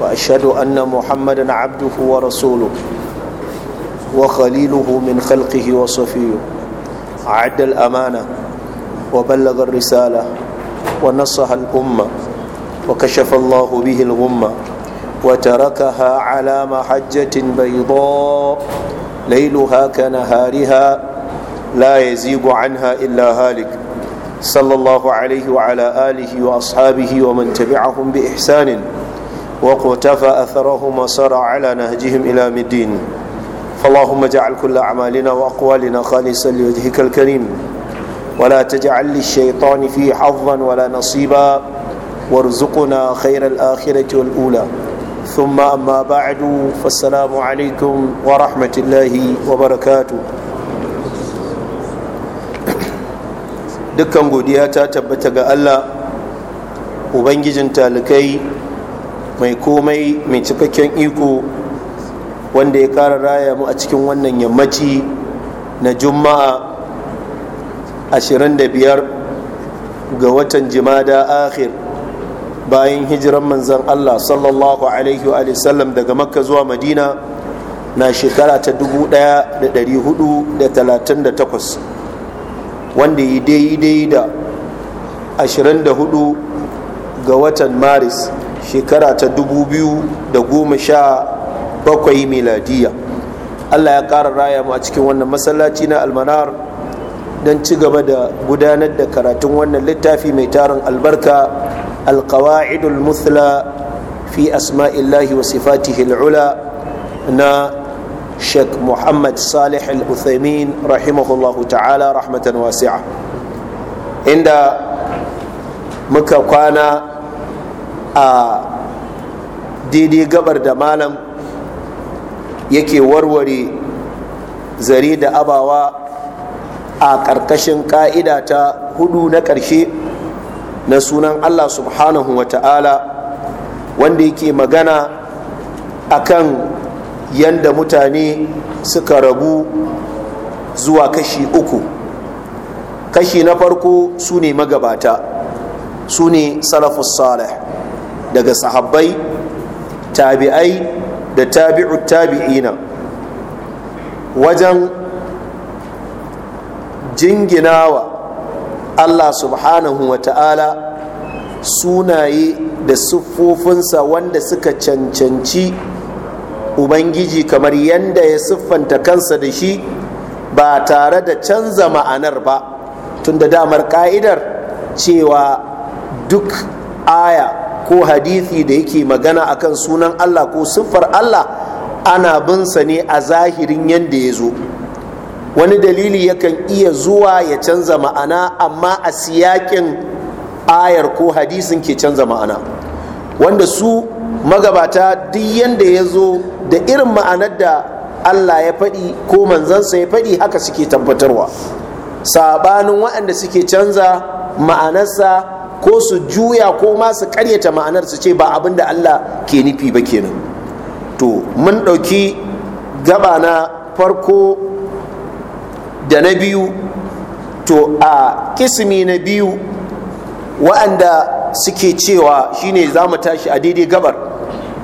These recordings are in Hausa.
واشهد ان محمدا عبده ورسوله وخليله من خلقه وصفيه عد الامانه وبلغ الرساله ونصح الامه وكشف الله به الغمه وتركها على محجه بيضاء ليلها كنهارها لا يزيغ عنها الا هالك صلى الله عليه وعلى اله واصحابه ومن تبعهم باحسان وقتفى أثرهم وسار على نهجهم إلى مدين فاللهم اجعل كل أعمالنا وأقوالنا خالصا لوجهك الكريم ولا تجعل للشيطان فيه حظا ولا نصيبا وارزقنا خير الآخرة والأولى ثم أما بعد فالسلام عليكم ورحمة الله وبركاته دكا godiya ta tabbata ga Allah Ubangijin talikai mai komai mai cikakken iko wanda ya kara raya mu a cikin wannan yammaci na juma'a 25 ga watan jimada akhir bayan hijiran manzan allah sallallahu alaihi wa sallam daga makka zuwa madina na shekara ta 1438 wanda yi daidai da 24 ga watan maris shekara ta 2017 miladiya allah ya ƙara raya mu a cikin wannan masallaci na almanar don ci gaba da gudanar da karatun wannan littafi mai tarin albarka alkawa'idul muthla fi asma'illahi wa sifatihi al'ula na sheikh muhammad salih al-uthaymin rahimahullahu ta'ala rahmatan wasi'a inda muka kwana a daidai gabar da malam yake warware zare da abawa a ƙarƙashin ƙa'ida ta hudu na ƙarshe na sunan allah subhanahu wa ta'ala wanda yake magana a kan yadda mutane suka rabu zuwa kashi uku kashi na farko su ne magabata su ne salafus salih daga sahabbai tabi'ai da tabi'u tabi'ina wajen jinginawa Allah subhanahu wa ta'ala sunaye da siffofinsa wanda suka cancanci ubangiji kamar yadda ya siffanta kansa da shi ba tare da canza ma'anar ba tunda da damar ka'idar cewa duk aya ko hadithi da yake magana akan sunan Allah ko siffar Allah ana bin sa ne a zahirin yadda ya zo wani dalili yakan iya zuwa ya canza ma'ana amma a siyakin ayar ko hadisin ke canza ma'ana wanda su magabata duk yadda ya zo da irin ma'anar da Allah ya faɗi ko manzansa ya faɗi haka suke tabbatarwa sabanin waɗanda suke canza ma'anarsa ko su juya ko ma su karyata ma'anar su ce ba abin Allah ke nufi ba kenan to mun ɗauki gaba na farko da na biyu to a kismi na biyu wa'anda suke cewa shine za mu tashi a daidai gabar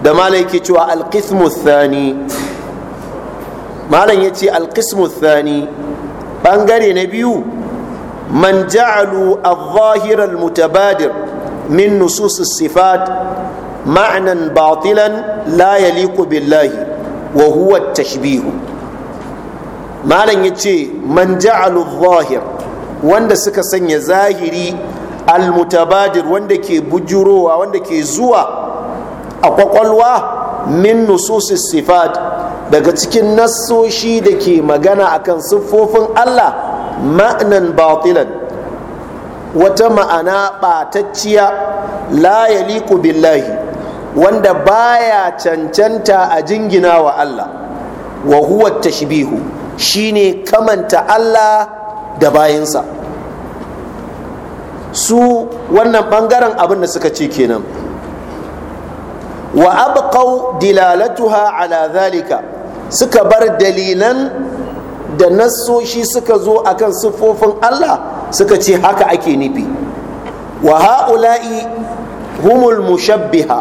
da malam yake cewa alkismu Sani. malam ya ce alkismu thani ɓangare na biyu من جعلوا الظاهر المتبادر من نصوص الصفات معنى باطلا لا يليق بالله وهو التشبيه malam ya ce man ja'alu zahir wanda suka sanya zahiri almutabadir wanda ke bujurowa wanda ke zuwa a ƙwaƙwalwa. min nususi sifat daga cikin nassoshi da ke magana akan sifofin Allah ma'anan batilan wata ma'ana ɓatacciya la yaliku billahi wanda baya cancanta a jingina wa Allah wa huwa tashbihu shine kamanta Allah da bayansa su wannan bangaren abin da suka ce kenan wa abqaw dilalatuha ala zalika suka bar dalilan da nassoshi suka zo akan siffofin Allah suka ce haka ake nufi wa ha'ula'i humul mushabbiha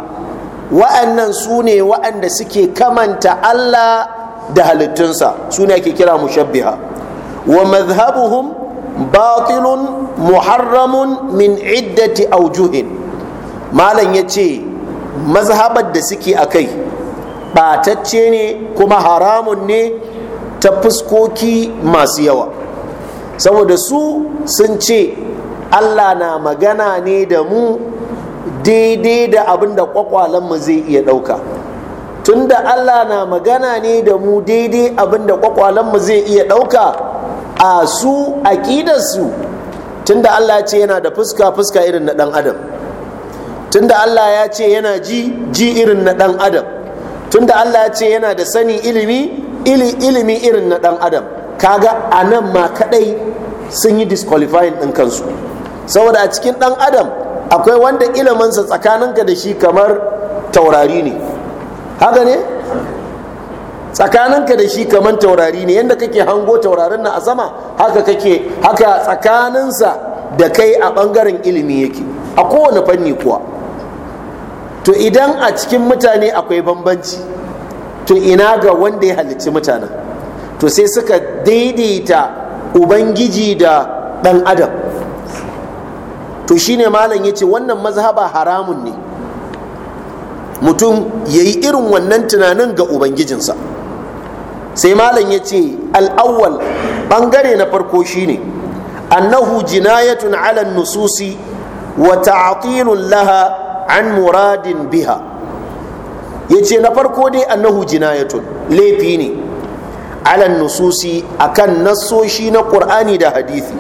wa'annan su ne wa'anda suke kamanta Allah da halittunsa su ne ake kira mushabbiha wa madhhabuhum batilun muharramun min iddati aujuhin malam ya ce mazhabar da suke a kai ɓatacce ne kuma haramun ne ta fuskoki masu yawa saboda su sun ce allah na magana ne da mu daidai da abin da kwakwalenmu zai iya ɗauka da allah na magana ne da mu daidai abin da kwakwalenmu zai iya ɗauka a su aƙidarsu da allah ce yana da fuska fuska irin na ɗan adam tun da allah ya ce yana ji ji irin na ɗan adam tun da allah ya ce yana da sani ilimi ili ilimi irin na dan adam kaga a nan ma kadai sun yi disqualifying din kansu saboda a cikin dan adam akwai wanda iliminsa tsakaninka da shi kamar taurari ne haka ne tsakaninka da shi kamar taurari ne yadda kake hango taurarin na a sama haka kake haka tsakaninsa da kai a bangaren ilimi yake a kowane fanni kuwa to idan a cikin mutane akwai bambanci to ina ga wanda ya halicci mutanen to sai suka daidaita ubangiji da ɗan adam to shine malam ya ce wannan mazhaba haramun ne mutum ya yi irin wannan tunanin ga ubangijinsa sai malam ya ce al'awwal ɓangare na farko shine annahu jinayatun ala nususi wa ta'atilun laha an muradin biha ya ce na farko dai annahu jinayatun laifi ne alan nususi akan nasoshi na ƙur'ani da hadithi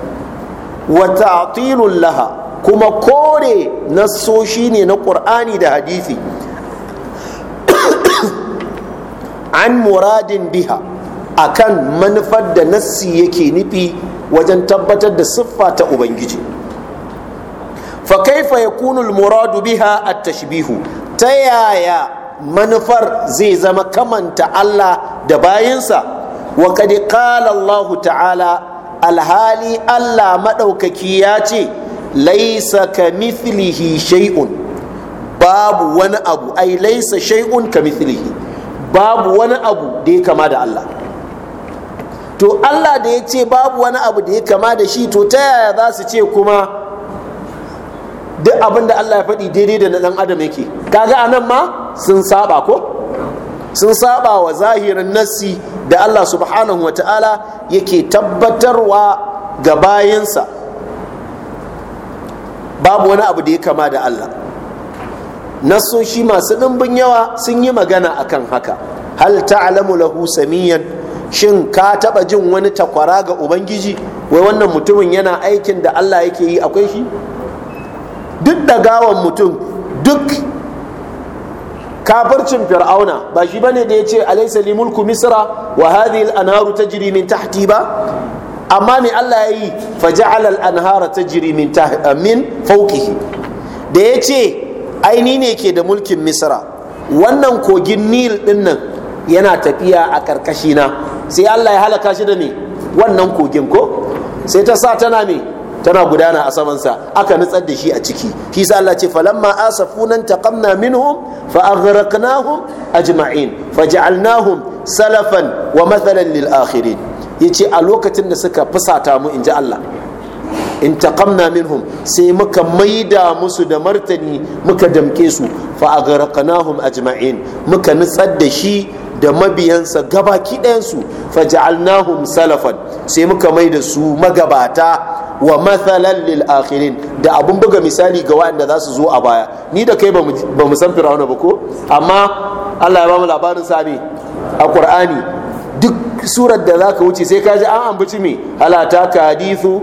wata ta'tilun laha kuma kore nasoshi ne na ƙur'ani da hadithi an muradin biha akan manufar da nassi yake nufi wajen tabbatar da siffa ta ubangiji fa kaifa ya kunul muradu biha a tashbihu ta yaya manufar zai zama kamanta Allah da bayansa wa kadi qala Allah ta'ala alhali Allah madaukaki ya ce laisa ka mithlihi shay'un babu wani abu ai laisa shay'un ka mithlihi babu wani abu da ya kama da Allah to Allah da ya ce babu wani abu da ya kama da shi to ta yaya za su ce kuma duk abin da Allah ya faɗi daidai da na ɗan adam yake kaga anan ma sun saba ko sun saba wa zahirin nasi da Allah subhanahu wa ta'ala yake tabbatarwa ga bayansa babu wani abu da ya kama da Allah nassoshi masu ɗimbin yawa sun yi magana akan haka hal ta'lamu lahu samiyan shin ka taɓa jin wani takwara ga ubangiji wai wannan mutumin yana aikin da Allah yake yi akwai shi duk da gawan mutum duk kafircin fir'auna ba shi bane da ya ce alaysa li mulku misra wa hadhihi al-anharu tajri min tahti ba amma me Allah ya yi fa ja'ala al-anhara tajri min eh, min fawqihi da ya ce aini ne ke da mulkin misra wannan kogin nil din nan yana tafiya a karkashi na sai Allah ya halaka shi da me wannan kogin ko sai ta sa tana me tana gudana a samansa aka nutsar da shi a ciki shi sa Allah ce falamma asafunan taqamna minhum fa aghraqnahum ajma'in faj'alnahum salafan wa mathalan lil akhirin yace a lokacin da suka fusata mu inji Allah in taqamna minhum sai muka maida musu da martani muka damke su fa aghraqnahum ajma'in muka nutsar da shi da mabiyansa gabaki ɗayansu faja'alnahum salafan sai muka maida su magabata wa mathalan lil akhirin da abun buga misali ga wanda za su zo a baya ni da kai ba mu san firawuna ba ko amma Allah ya ba mu labarin sa a Qur'ani duk surar da zaka wuce sai ka ji an ambaci me halata ka hadithu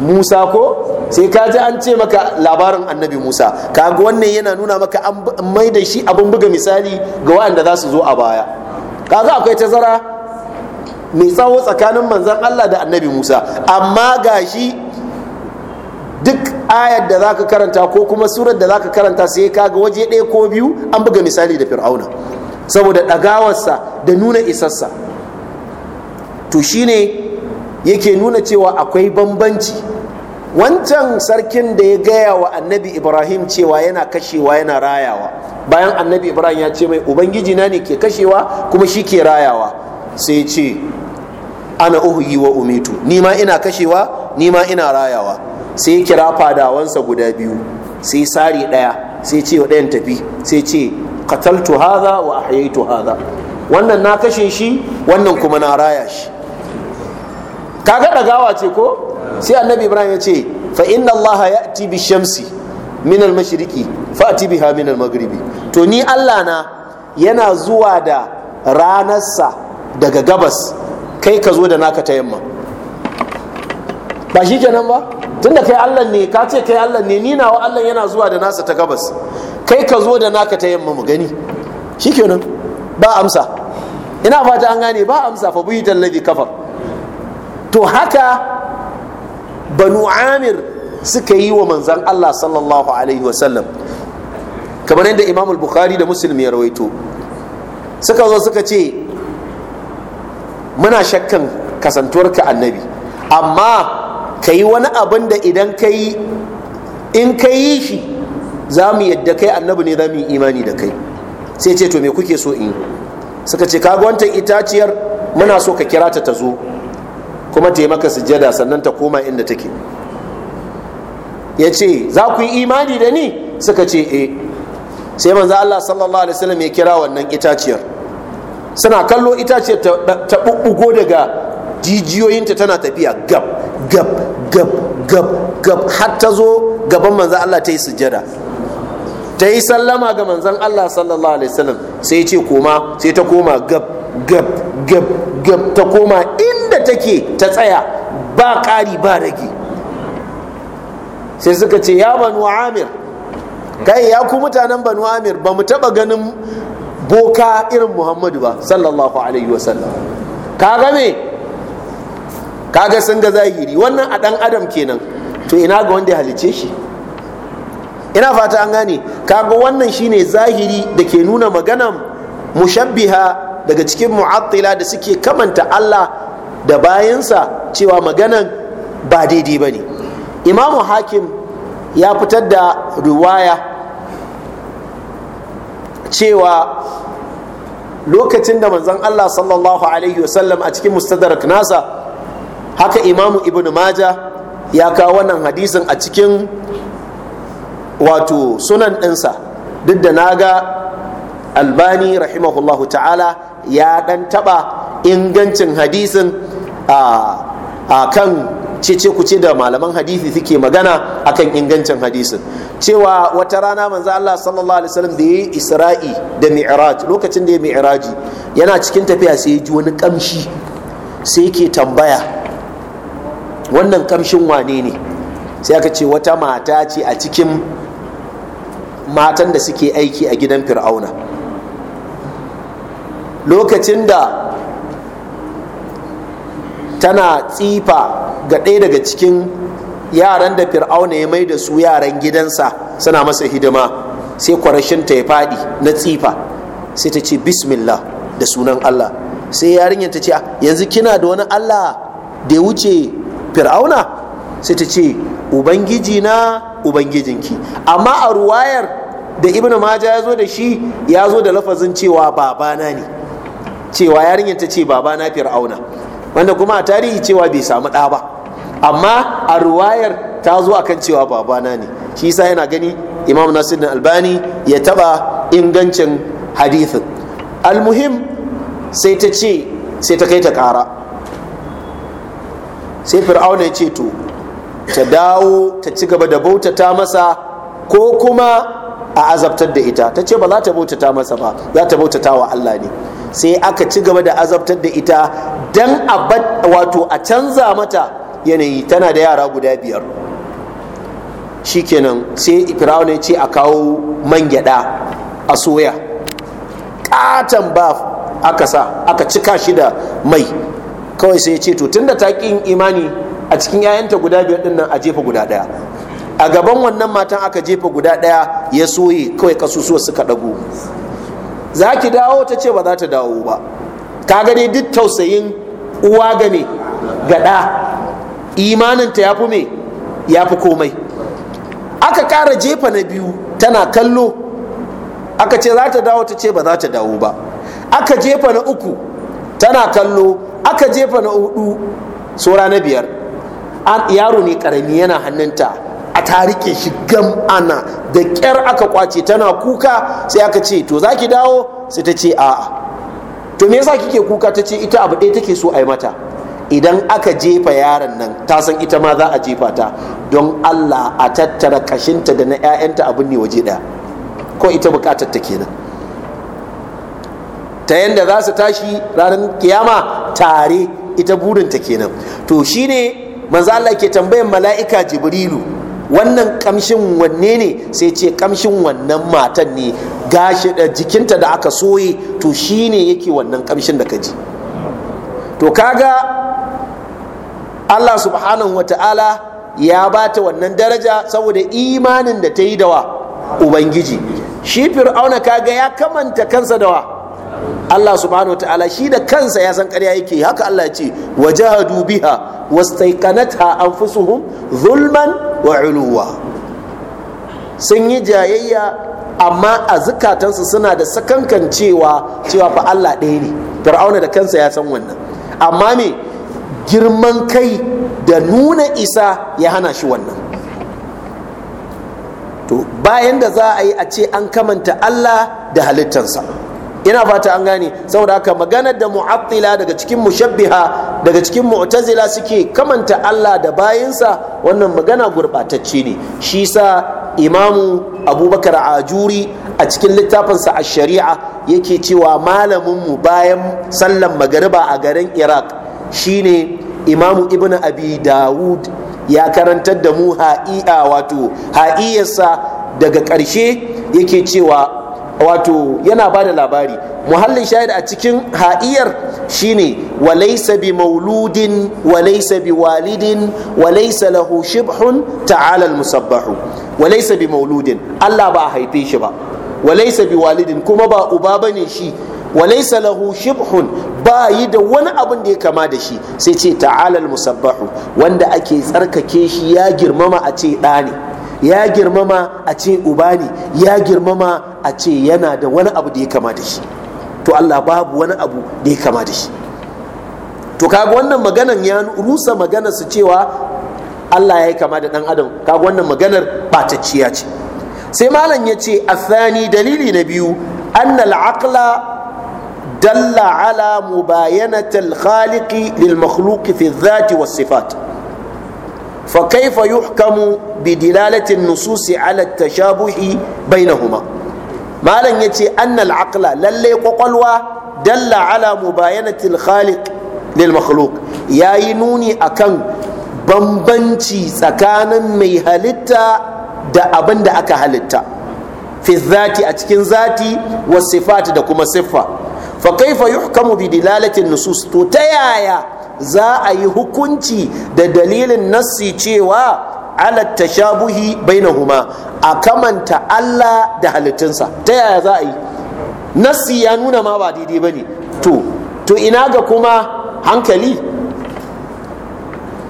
Musa ko sai ka ji an ce maka labarin annabi Musa kaga wannan yana nuna maka an mai da shi abun buga misali ga wanda za su zo a baya kaga akwai tazara mai tsawo tsakanin manzan Allah da annabi Musa amma gashi duk ayar da zaka karanta ko kuma surar da zaka karanta sai kaga waje ɗaya ko biyu an buga misali da fir'auna saboda ɗagawarsa da nuna isarsa to shine yake nuna cewa akwai bambanci wancan sarkin da ya gaya wa annabi ibrahim cewa yana kashewa yana rayawa bayan annabi ibrahim ya ce mai ubangiji na ne ke kashewa kuma shi ke rayawa sai ce ana uhuyi wa umitu ni ma ina kashewa ni ma ina rayawa sai kira fadawansa guda biyu sai sari ɗaya sai ce wa ɗayan tafi sai ce qataltu hadha wa ahyaytu hadha wannan na kashe shi wannan kuma na raya shi kaga gawa ce ko sai annabi ibrahim ya ce fa inna allaha ya'ti bi shamsi min mashiriki mashriqi fa'ti biha min al-maghribi to ni Allah na yana zuwa da ranarsa daga gabas kai ka zo da naka ta yamma ba shi kenan ba tunda kai Allah ne ka ce kai Allah ne ni nawa Allah yana zuwa da nasa ta gabas kai ka zo da naka ta yamma mu gani shi kenan ba amsa ina fata an gane ba amsa fa buyi tallabi kafar to haka banu amir suka yi wa manzan Allah sallallahu alaihi wasallam kamar yadda imam al-bukhari da muslim ya rawaito suka zo suka ce muna shakkan kasantuwarka annabi amma ka yi wani abin da idan ka yi in ka yi shi za mu yadda kai annabi ne za mu yi imani da kai sai ce to me kuke so in suka ce kaga wancan itaciyar muna so ka kira ta ta zo kuma ta yi maka sujjada sannan ta koma inda take ya ce za ku yi imani da ni suka ce e. sai manzo Allah sallallahu alaihi wasallam ya kira wannan itaciyar suna kallo itaciyar ta bubbugo daga jijiyoyinta tana tafiya gab gab gab gab gab har ta zo gaban manzan Allah ta yi sujjada ta yi sallama ga manzan Allah sallallahu alaihi wasallam sai ce koma sai ta koma gab gab gab gab ta koma inda take ta tsaya ba ƙari ba rage sai suka ce ya banu amir kai ya ku mutanen banu amir ba mu taɓa ganin boka irin muhammadu ba sallallahu alaihi wasallam ka game kaga sun ga zahiri wannan a dan adam kenan to ina ga wanda ya halice shi ina fata an gane kaga wannan shine zahiri da ke nuna maganan mushabbiha daga cikin mu'attila da suke kamanta Allah da bayansa cewa maganan ba daidai bane imamu hakim ya fitar da riwaya cewa lokacin da manzon Allah sallallahu alaihi wasallam a cikin mustadrak nasa haka imamu ibn maja ya kawo wannan hadisin a cikin wato sunan ɗinsa duk da na ga albani rahimahullahu ta'ala ya ɗan taɓa ingancin hadisin a kan cece kuce da malaman hadisi suke magana a kan ingancin hadisin cewa wata rana manzo Allah sallallahu alaihi wasallam da yi Isra'i da Mi'raj lokacin da ya Mi'raji yana cikin tafiya sai ya ji wani kamshi sai yake tambaya wannan kamshin wane ne sai aka ce wata mata ce a cikin matan da suke aiki a gidan fir'auna lokacin da tana tsifa ga ɗaya daga cikin yaran da fir'auna ya mai da su yaran gidansa suna masa hidima sai ta ya faɗi na tsifa sai ta ce bismillah da sunan allah sai yarinyar ta ce ah, yanzu kina da wani allah da ya wuce fir'auna sai ta ce ubangiji na ubangijinki amma a ruwayar da ibnu maja ya zo da shi ya zo da lafazin cewa babana ne cewa yarinyar ta ce babana fir'auna wanda kuma a tarihi cewa bai samu ɗa ba amma a ruwayar ta zo akan cewa babana ne shi yasa yana gani imam nasir albani ya taba ingancin hadithin almuhim sai ta ce sai ta kai ta kara sai fir'auna ya ce to ta dawo ta ci gaba da bautata masa ko kuma a azabtar da ita ta ce ba za ta bautata masa ba za ta bautata wa Allah ne sai aka ci gaba da azabtar da ita dan a wato a canza mata yanayi tana da yara guda biyar Shi kenan sai fir'auna ya ce a kawo man gyada a soya katon ba aka sa aka cika shi da mai kawai sai ya ce to tunda ta ƙin imani a cikin 'ya'yanta guda biyar din nan a jefa guda ɗaya a gaban wannan matan aka jefa guda ɗaya ya soye kawai kasusuwa suka ɗago za ki dawo ta ce ba za ta dawo ba ka gani duk tausayin uwa ga gaɗa imaninta ya fi me ya fi komai aka ƙara jefa na biyu tana kallo aka ce za ta dawo ta ce ba za ta dawo ba aka jefa na uku tana kallo aka jefa na hudu saura na biyar yaro ne karami yana hannunta a tarike shi gam ana da ƙyar aka kwace tana kuka sai aka ce to za ki dawo sai ta ce a'a to me yasa kike kuka ta ce ita abu ɗaya take so a yi mata idan aka jefa yaron nan ta san ita ma za a jefa ta don allah a tattara kashinta da na 'ya'yanta abin ne waje ɗaya ko ita bukatar ta kenan ta yanda za su tashi ranar kiyama tare ita burinta kenan to shine manzo Allah ke tambayan mala'ika jibrilu wannan kamshin wanne ne sai ce kamshin wannan matan ne gashi da jikinta da aka soye to shine yake wannan kamshin da kaji to kaga Allah subhanahu wata'ala ya bata wannan daraja saboda imanin da ta yi dawa ubangiji shi fir'auna kaga ya kamanta kansa dawa Allah subhanahu ta'ala shi da kansa ya san ƙarya yake haka Allah ya ce wajahadu biha wastaiqanatha anfusuhum zulman wa uluwa sun yi jayayya amma a zukatansu suna da sakankan cewa cewa fa Allah ɗaya ne fir'auna da kansa ya san wannan amma me girman kai da nuna isa ya hana shi wannan to bayan da za a yi a ce an kamanta Allah da halittansa ina fata an gane saboda haka maganar da mu'attila daga cikin mushabbiha daga cikin mu'tazila suke kamanta Allah da bayinsa wannan magana gurbatacce ne shi sa imamu abubakar ajuri a cikin littafinsa a shari'a yake cewa malaminmu bayan sallan magariba a garin iraq shine imamu ibn abi dawud ya karantar da mu ha'i'a wato ha'iyarsa daga ƙarshe yake cewa wato yana ba da labari muhallin shahid a cikin ha'iyar shine walaysa bi mauludin walaysa bi walidin walaysa lahu shibhun ta'ala musabbahu walaysa bi mauludin Allah ba a haife shi ba walaysa bi walidin kuma ba uba bane shi walaysa lahu shibhun ba yi da wani abin da ya kama da shi sai ce ta'ala musabbahu wanda ake tsarkake shi ya girmama a ce ɗa ne ya girmama a ce uba ne ya girmama a ce yana da wani abu da ya kama da shi to Allah babu wani abu da ya kama da shi to kaga wannan maganan ya rusa magana su cewa Allah ya yi kama da dan adam kaga wannan maganar batacciya ce sai malam ya ce athani dalili na biyu annal aqla dalla ala mubayanatil khaliqi lil makhluqi fi dhati was sifat fa kaifa yuhkamu bi dilalatin nususi ala tashabuhi bainahuma malam ya ce al-aqla lallai ƙwaƙwalwa, dalla ala mubayanati al-khaliq lil Ya yi nuni akan bambanci tsakanin mai halitta da abin da aka halitta fi a cikin zati wa sifati da kuma siffa fa kaifa yuhkamu bi dilalatin nusus to ta yaya za a yi hukunci da dalilin nassi cewa ala tashabuhi huma. a kamanta Allah da halittunsa ta yaya za a yi nassi ya nuna ma ba daidai bane to to ina ga kuma hankali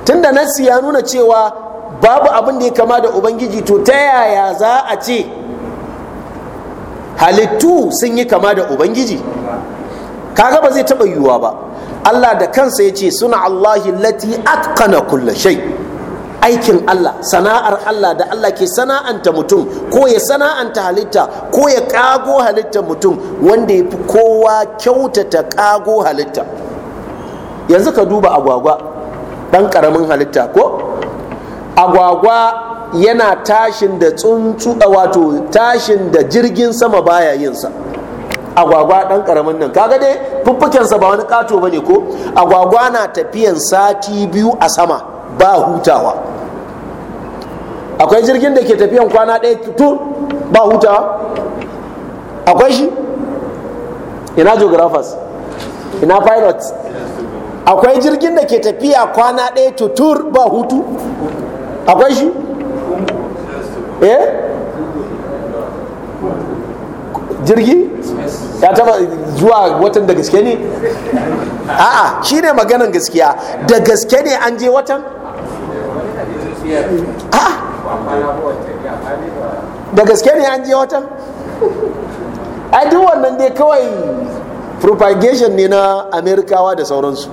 tunda nassi ya nuna cewa babu abin da ya kama da ubangiji to ta yaya za a ce halittu sun yi kama da ubangiji kaga ba zai taɓa yiwuwa ba Allah da kansa ya ce suna Allahi lati atkana kulla shai aikin Allah sana'ar Allah da Allah ke sana'anta mutum ko ya sana'anta halitta ko ya kago halitta mutum wanda ya fi kowa kyautata kago halitta yanzu ka duba agwagwa ɗan ƙaramin halitta ko agwagwa yana tashin da tsuntsu wato tashin da jirgin sama baya yinsa agwagwa dan karamin nan kaga dai fuffukensa ba wani kato bane ko agwagwa na tafiyan sati biyu a sama ba hutawa akwai jirgin da ke tafiyan kwana ɗaya tun ba hutawa akwai shi ina geographers ina pilots akwai jirgin da ke tafiya kwana ɗaya tutur ba hutu akwai shi eh jirgi Ya taba zuwa watan da gaske ne a'a shine maganan gaskiya da gaske ne an je watan a'a da gaske ne an je watan a duk wannan dai kawai propagation ne na amerikawa da sauransu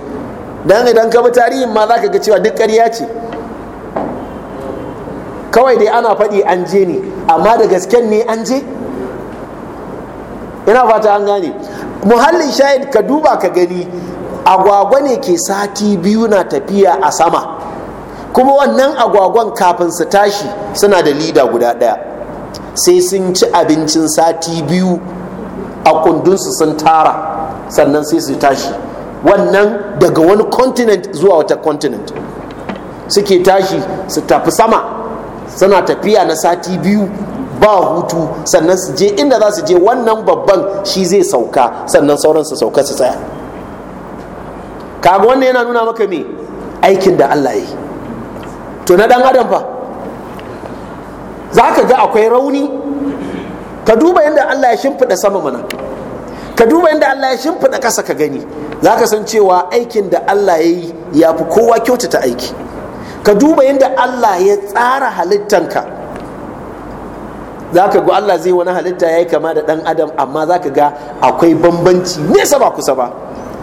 don idan ka bi tarihin ma za ka ga cewa duk karya ce kawai dai ana faɗi an je ne amma da gasken ne an je ina fata an gane muhallin shahid ka duba ka gani agwagwa ne ke sati biyu na tafiya a sama kuma wannan agwagwan kafin su tashi suna da lida guda ɗaya sai sun ci abincin sati biyu a kundinsu sun tara sannan sai su tashi wannan daga wani continent zuwa wata continent suke tashi su tafi sama suna tafiya na sati biyu ba hutu sannan su je inda za su je wannan babban shi zai sauka sannan sauran su sauka su tsaya kaga wannan yana nuna maka me aikin da Allah yi to na dan adam fa za ka ga akwai rauni ka duba yadda Allah ya shimfiɗa sama mana ka duba yadda Allah ya shimfiɗa ƙasa ka gani za ka san cewa aikin da Allah ya yi ya fi kowa kyautata aiki ka duba yadda Allah ya tsara halittanka za ka ga Allah zai wani halitta ya yi kama da ɗan adam amma za ka ga akwai bambanci nesa ba kusa ba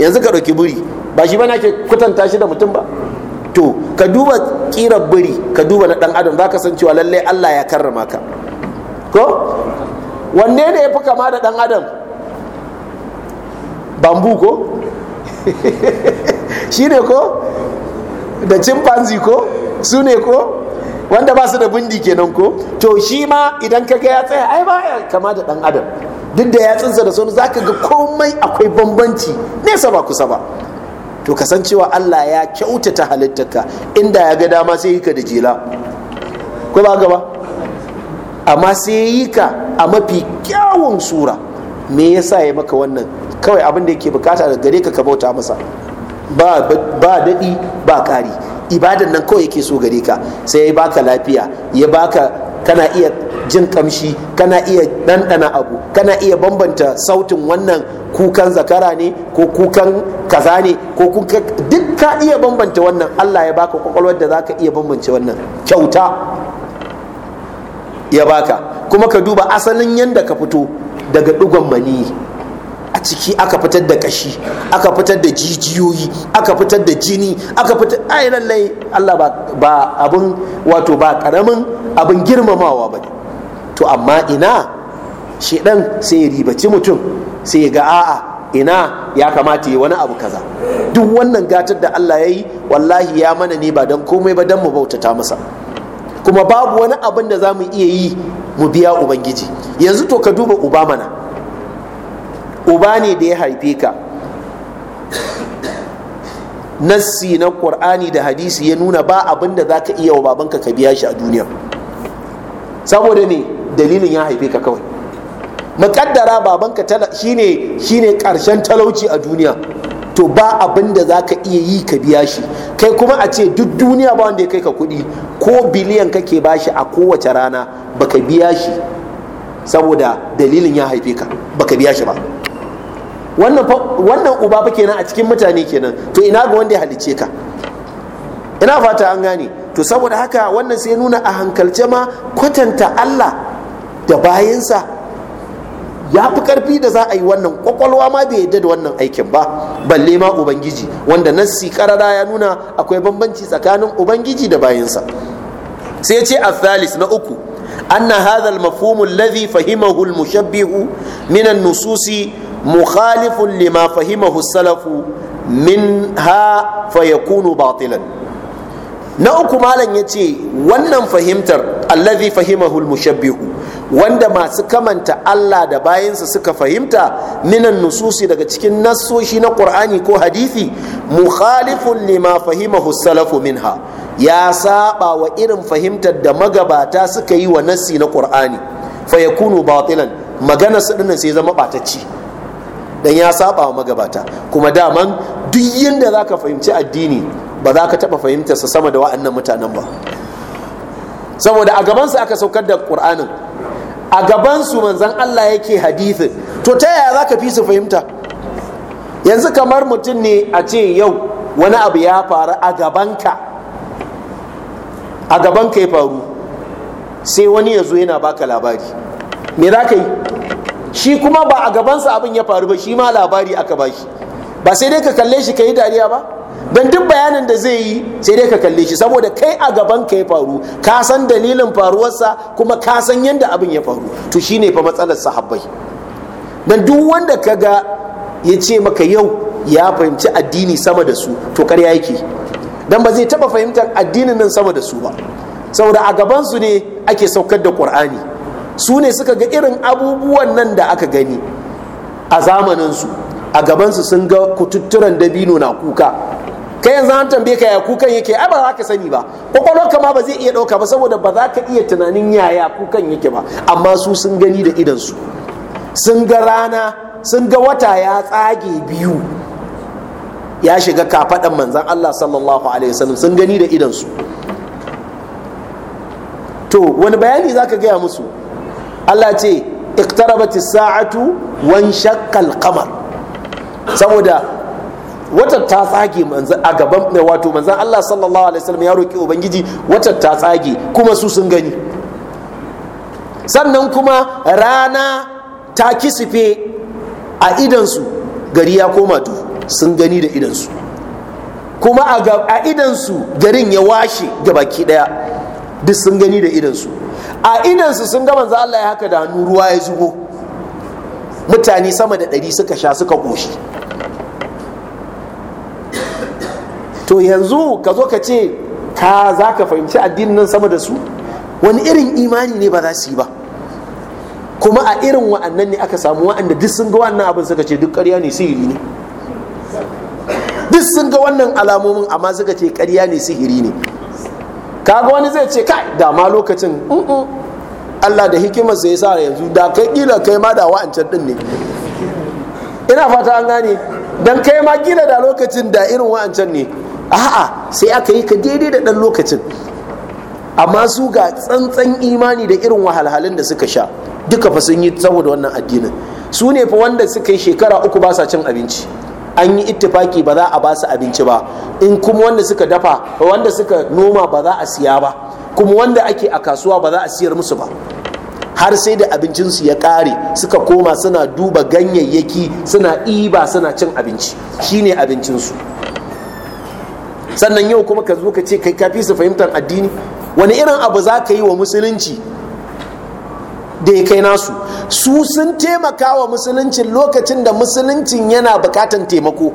yanzu ka ɗauki buri ba shi ba na ke kwatanta shi da mutum ba to ka duba ƙirar buri ka duba na ɗan adam za ka san cewa lallai Allah ya karrama ka ko wanne ne ya fi kama da ɗan adam bambu ko shi ne ko da chimpanzee ko su ne ko wanda ba su da bindi kenan ko to shi ma idan ka ga ya tsaya ai baya kama da dan adam duk da ya tsinsa da sauran zaka ga komai akwai bambanci nesa ba kusa ba to kasancewa Allah ya kyautata halittarka inda ya ga dama sai yi ka da jela ko ba gaba amma sai yi ka a mafi kyawun sura me yasa ya maka wannan kawai abin da yake bukata da gare ka ka bauta masa ba daɗi ba ƙari ibadan nan kawai yake so gare ka sai ya baka lafiya ya baka kana iya jin kamshi kana iya ɗanɗana abu kana iya bambanta sautin wannan kukan zakara ne ko kukan kaza ne ko kukan duk ka iya bambanta wannan allah ya baka kwakwalwar da zaka ka iya bambance wannan kyauta ya baka kuma ka duba asalin yanda ka fito daga dugon mani. a ciki aka fitar da kashi aka fitar da jijiyoyi aka fitar da jini aka fitar ai lallai Allah ba abin wato ba karamin abin girmamawa ba to amma ina shedan sai ya ribaci mutum sai ya ga a'a ina ya kamata ya wani abu kaza duk wannan gatar da Allah ya yi wallahi ya mana ne ba don komai ba don mu bautata masa kuma babu wani abin da za mu iya yi mu biya ubangiji yanzu to ka duba uba mana uba ne da ya haife ka nassi na qur'ani da hadisi ya nuna ba abin da zaka iya wa babanka ka biya shi a duniya saboda ne dalilin ya haife ka kawai muƙaddara babanka shine shine ƙarshen talauci a duniya to ba abin da zaka iya yi ka biya shi kai kuma a ce duk duniya ba wanda ya kai ka kuɗi ko biliyan kake bashi a kowace rana baka biya shi saboda dalilin ya haife ka baka biya shi ba wannan uba fa kenan a cikin mutane kenan to ina ga wanda ya halice ka ina fata an gane to saboda haka wannan sai nuna a hankalce ma kwatanta Allah da bayansa ya fi karfi da za a yi wannan kwakwalwa ma bai yadda da wannan aikin ba balle ma ubangiji wanda nassi karara ya nuna akwai bambanci tsakanin ubangiji da bayansa sai ce athalis na uku anna hadha al-mafhum alladhi fahimahu al-mushabbihu min nususi mukhalifun lima fahimahu salafu min ha fayakunu batilan na uku malam ya ce wannan fahimtar allazi fahimahu mushabbihu wanda masu kamanta Allah da bayansa suka fahimta minan nususi daga cikin nassoshi na Qur'ani ko hadisi mukhalifun lima fahimahu salafu minha ya saba wa irin fahimtar da magabata suka yi wa nassi na Qur'ani fa yakunu batilan magana su dinnan sai zama batacci dan ya saba wa magabata kuma daman duk yadda zaka fahimci addini ba za ka taɓa fahimtarsa sama da wa'annan mutanen ba saboda a gabansu aka saukar da ƙur'anin a gabansu manzan allah yake hadisi to ta yaya zaka fi su fahimta yanzu kamar mutum ne a ce yau wani abu ya faru a gabanka a gabanka ya faru sai wani ya zo yana baka labari me za ka yi shi kuma ba a gabansa abin ya faru ba shi ma labari aka bashi ba sai dai ka kalle shi ka yi dariya ba don duk bayanin da zai yi sai dai ka kalle shi saboda kai a gaban ka ya faru ka san dalilin faruwarsa kuma ka san yadda abin ya faru to shi ne fa matsalar sahabbai don duk wanda ka ga ya ce maka yau ya fahimci addini sama da su to karya yake don ba zai taba fahimtar addinin nan sama da su ba saboda a gaban su ne ake saukar da qur'ani su ne suka ga irin abubuwan nan da aka gani a zamaninsu a gabansu sun ga kututturen dabino na kuka kai yanzu an tambaye ka ya kukan yake ai ba za ka sani ba kwakwalwarka ma ba zai iya ɗauka ba saboda ba za ka iya tunanin yaya kukan yake ba amma su sun gani da idansu sun ga rana sun ga wata ya tsage biyu ya shiga kafaɗan manzan Allah sallallahu alaihi wasallam sun gani da idansu to wani bayani za ka gaya musu Allah ce iqtarabati sa'atu wan shakkal qamar saboda watan ta tsage a gaban mai wato manzan Allah sallallahu alaihi wasallam ya roki ubangiji watan ta tsage kuma su sun gani sannan kuma rana ta kisife a idansu gari ya koma duhu sun gani da idansu kuma a idansu garin ya washe gabaki daya duk sun gani da idansu a idansu sun ga manzo Allah ya haka da hannu ruwa ya zubo mutane sama da ɗari suka sha suka ƙoshi to yanzu ka zo ka ce ka za ka fahimci addinin nan sama da su wani irin imani ne ba za su yi ba kuma a irin wa'annan ne aka samu wa'anda duk sun ga wannan abin suka ce duk ƙarya ne sihiri ne duk sun ga wannan alamomin amma suka ce ƙarya ne sihiri ne kaga wani zai ce kai da ma lokacin Allah da hikimar sai sa yanzu da kai kila kai ma da wa'ancan din ne ina fata an gane dan kai ma kila da lokacin da irin wa'ancan ne a'a sai aka yi ka daidai da dan lokacin amma su ga tsantsan imani da irin wahalhalun da suka sha duka fa sun yi saboda wannan addinin su ne fa wanda suka yi shekara uku ba sa cin abinci an yi ittifaki ba za a ba su abinci ba in kuma wanda suka dafa wanda suka noma ba za a siya ba kuma wanda ake a kasuwa ba za a siyar musu ba har sai da abincinsu ya ƙare suka koma suna duba ganyayyaki suna iba suna cin abinci shine abincinsu sannan yau kuma ka zo ka ce kai kafi su fahimtar addini wani irin abu za ka yi wa musulunci da ya kai nasu su sun taimaka wa musuluncin lokacin da musuluncin yana bukatan taimako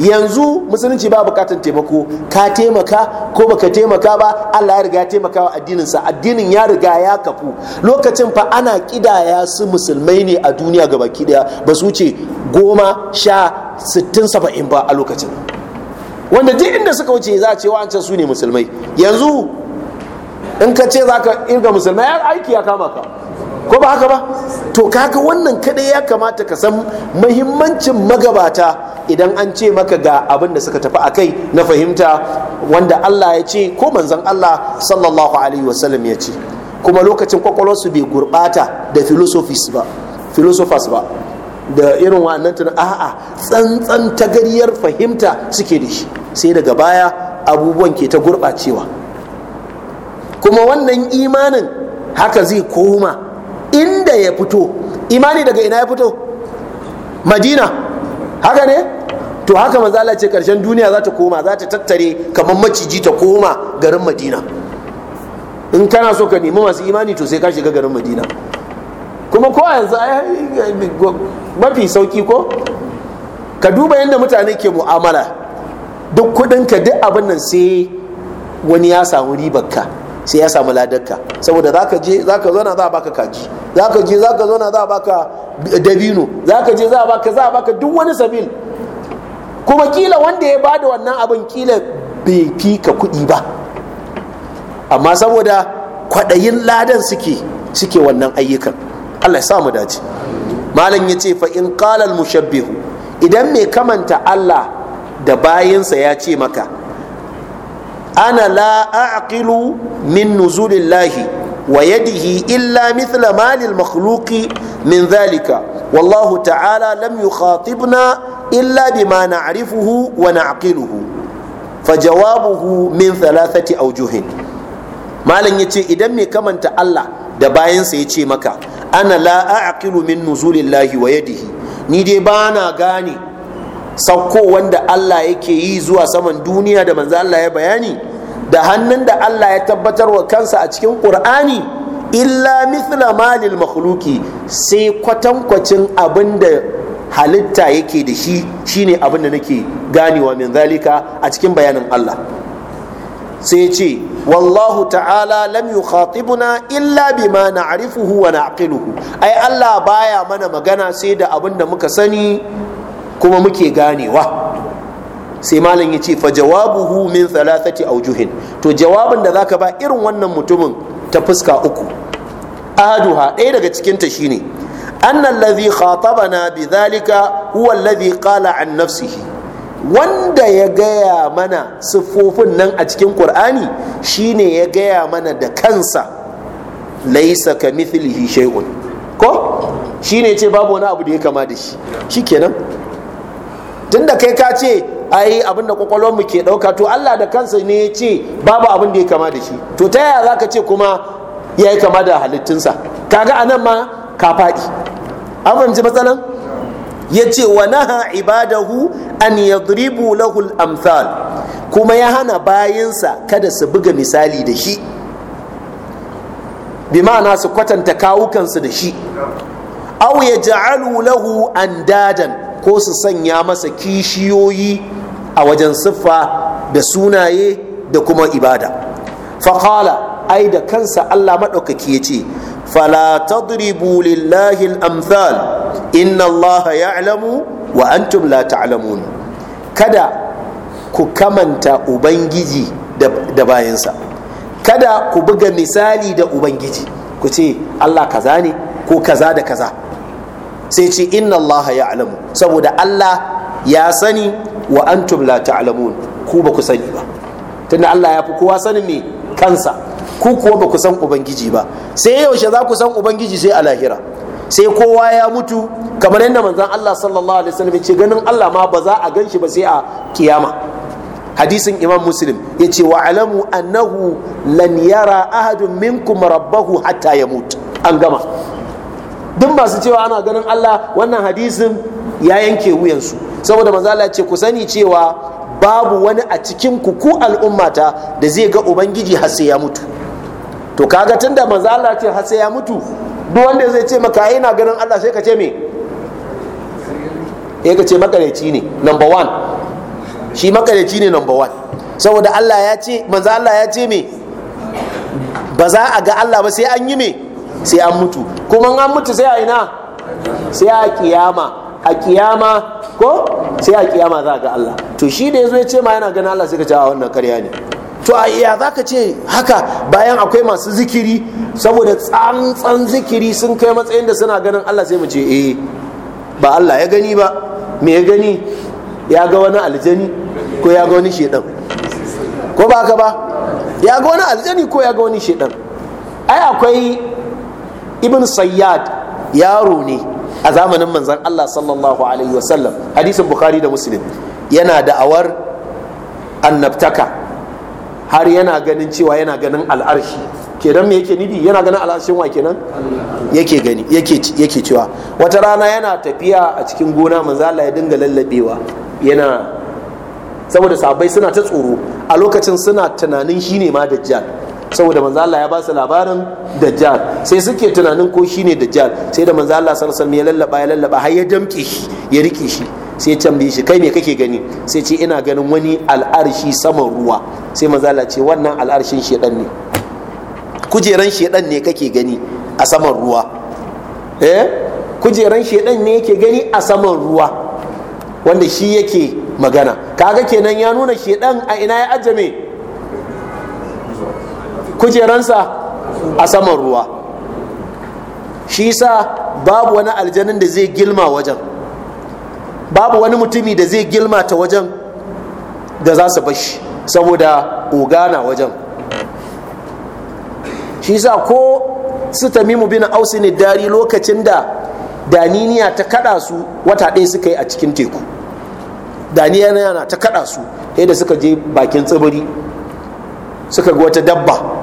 yanzu musulunci ba bukatan taimako ka taimaka ko baka taimaka ba Allah ya riga ya taimaka wa addininsa addinin ya riga ya kafu lokacin fa ana kidaya su musulmai ne a duniya gaba daya ba su ce goma sha sittin saba'in ba a lokacin wanda duk inda suka wuce za a ce wa su ne musulmai yanzu in ka ce za ka irga musulmai aiki ya kama ka ko ba haka ba to kaga wannan kadai ya kamata ka san mahimmancin magabata idan an ce maka ga abin da suka tafi a kai na fahimta wanda Allah ya ce ko manzon Allah sallallahu alaihi wasallam ya ce kuma lokacin kwakwalwarsu bai gurbata da philosophies ba ba da irin wannan tunan a'a tsantsan tagariyar fahimta suke da shi sai daga baya abubuwan ke ta gurɓacewa kuma wannan imanin haka zai koma inda ya fito imani daga ina ya fito madina haka ne to haka manzala ce karshen duniya za ta koma za ta tattare kamar maciji ta koma garin madina in kana so ka nemi masu imani to sai ka shiga garin madina kuma ko a yanzu mafi sauki ko ka duba yadda mutane ke mu'amala duk kudinka duk abin nan sai wani ya samu ribar ka. sai ya samu ladarka saboda zaka je zaka zauna za a baka kaji zaka je zaka zauna za a baka dabino zaka je za a baka za a baka duk wani sabil kuma kila wanda ya bada wannan abin kila bai fi ka kuɗi ba amma saboda kwaɗayin ladan suke suke wannan ayyukan Allah ya sa mu dace malam ya ce fa in qala al mushabbihu idan mai kamanta Allah da bayinsa ya ce maka ana la a'qilu min nuzulillahi wa yadihi illa mitla malil makhluqi min zalika wallahu ta'ala lam yukhatibna illa bima na'rifuhu wa na'qiluhu fajawabuhu min thalathati aujuhin malam yace idan mai kamanta Allah da bayansa ya ce maka ana la a'qilu min nuzulillahi wa yadihi ni dai bana gane sauko wanda Allah yake yi zuwa saman duniya da manzo Allah ya bayani da hannun da Allah ya tabbatar wa kansa a cikin Qur'ani illa mithla malil makhluki sai kwatankwacin abin da halitta yake da shi shine abin da nake ganewa min zalika a cikin bayanin Allah sai ce wallahu ta'ala lam yukhatibuna illa bima na'rifuhu wa na'qiluhu ai Allah baya mana magana sai da abin da muka sani kuma muke ganewa sai malam ya ce fa hu min thalathati aujuhin to jawabin da zaka ba irin wannan mutumin ta fuska uku ahaduha ɗaya daga cikin ta shine anna allazi khatabana bidhalika huwa allazi qala an nafsihi wanda ya gaya mana siffofin nan a cikin qur'ani shine ya gaya mana da kansa laisa ka mithlihi shay'un ko shine ce babu wani abu da ya kama da shi shi shikenan tunda kai ka ce ai abin da kwakwalwar mu ke ɗauka, to Allah da kansa ne ya ce babu abin da ya kama da shi to ta yaya za ka ce kuma ya yi kama da halittunsa kaga nan ma ka faɗi an fahimci matsalan ya ce wa naha ibadahu an yadribu lahu amsal kuma ya hana bayinsa kada su buga misali da shi bi ma'ana su kwatanta kawukansu da shi au ya ja'alu lahu andadan ko su sanya masa kishiyoyi a wajen siffa da sunaye da kuma ibada faƙala ai da kansa allah maɗaukaki ya ce fala tadribu lillahi al inna allah ya'lamu wa antum la ta'lamun kada ku kamanta ubangiji da bayansa kada ku buga misali da ubangiji ku ce allah kaza ne ko kaza da kaza sai ce inna Allah ya alamu saboda Allah ya sani wa antum la ta'lamun ku ba ku sani ba tunda Allah ya fi kowa sanin me kansa ku kuwa ba ku san ubangiji ba sai yaushe za ku san ubangiji sai a lahira sai kowa ya mutu kamar yadda manzon Allah sallallahu alaihi wasallam ya ce ganin Allah ma ba za a gan shi ba sai a kiyama hadisin imam muslim ya ce wa alamu annahu lan yara ahadun minkum rabbahu hatta mutu, an gama duk masu cewa ana ganin Allah wannan hadisin ya yanke wuyansu saboda manzo Allah ce ku sani cewa babu wani a cikin ku ku al'ummata da zai ga ubangiji har sai ya mutu to kaga tunda manzo Allah ce har sai ya mutu duk wanda zai ce maka ina ganin Allah sai ka ce me eh ka ce makareci ne number one shi makareci ne number one saboda Allah ya ce manzo Allah ya ce me ba za a ga Allah ba sai an yi me sai an mutu kuma an mutu sai a ina sai a kiyama a kiyama ko sai a kiyama za ga Allah to shi da yazo ya ce ma yana ganin Allah sai ka ce a wannan karya ne to a iya za ka ce haka bayan akwai masu zikiri saboda tsantsan zikiri sun kai matsayin da suna ganin Allah sai mu ce eh ba Allah ya gani ba me ya gani ya ga wani aljani ko ya ga wani shedan ko ba ka ba ya ga wani aljani ko ya ga wani shedan ai akwai ibn sayyad yaro ne a zamanin manzan Allah sallallahu alaihi wasallam hadisin bukhari da muslim yana da'awar annabtaka har yana ganin cewa yana ganin al'arshi kenan me yake nidi yana ganin al'arshin wa kenan yake gani yake cewa wata rana yana tafiya a cikin gona manzo Allah ya dinga lallabewa yana saboda sabai suna ta tsoro a lokacin suna tunanin shi ne ma dajjal saboda manzo Allah ya ba su labarin dajjal sai suke tunanin ko shine dajjal sai da manzo Allah sallallahu alaihi wasallam ya lallaba ya lallaba har ya damke shi ya rike shi sai tambaye shi kai me kake gani sai ce ina ganin wani al'arshi saman ruwa sai manzo Allah ce wannan al'arshin shedan ne kujeran shedan ne kake gani a saman ruwa eh kujeran shedan ne yake gani a saman ruwa wanda shi yake magana kaga kenan ya nuna shedan a ina ya ajame kujeransa a saman ruwa shi sa babu wani aljanin da zai gilma wajen babu wani mutumi da zai gilma ta wajen da za su bashi saboda ogana wajen shi sa ko su tamimu bin ne dari lokacin da daniniya ta kada su wata ɗaya suka yi a cikin teku daniniya na ta kada su da suka je bakin tsibiri suka ga wata dabba